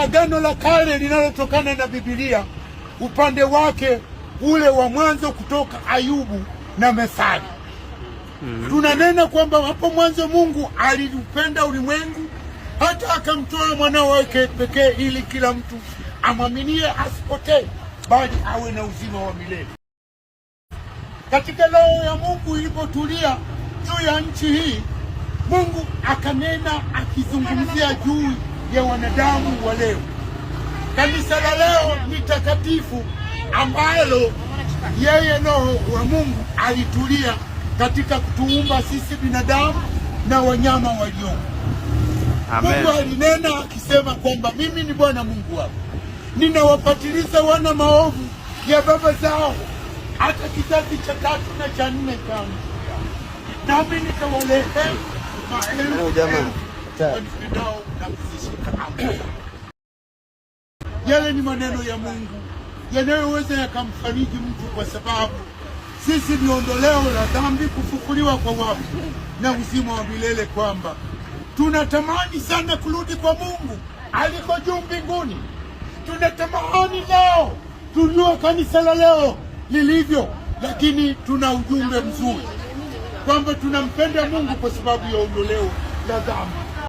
Agano la Kale linalotokana na Biblia upande wake ule wa mwanzo kutoka Ayubu na Methali mm -hmm. tunanena kwamba hapo mwanzo Mungu aliupenda ulimwengu hata akamtoa mwana wake pekee ili kila mtu amwaminie asipotee bali awe na uzima wa milele. Katika roho ya Mungu ilipotulia juu ya nchi hii, Mungu akanena akizungumzia juu ya wanadamu wa leo. Kanisa la leo ni takatifu ambalo yeye Roho wa Mungu alitulia katika kutuumba sisi binadamu na wanyama waliomo. Mungu alinena akisema kwamba mimi ni Bwana Mungu wako, ninawapatiliza wana maovu ya baba zao hata kizazi cha tatu na cha nne cha nami nitawalehemu maelfu na Yale ni maneno ya Mungu yanayoweza yakamfariji mtu, kwa sababu sisi ni ondoleo la dhambi, kufufuliwa kwa wafu na uzima wa milele, kwamba tunatamani sana kurudi kwa Mungu aliko juu mbinguni. Tunatamani leo tujua kanisa la leo lilivyo, lakini tuna ujumbe mzuri kwamba tunampenda Mungu kwa sababu ya ondoleo la dhambi.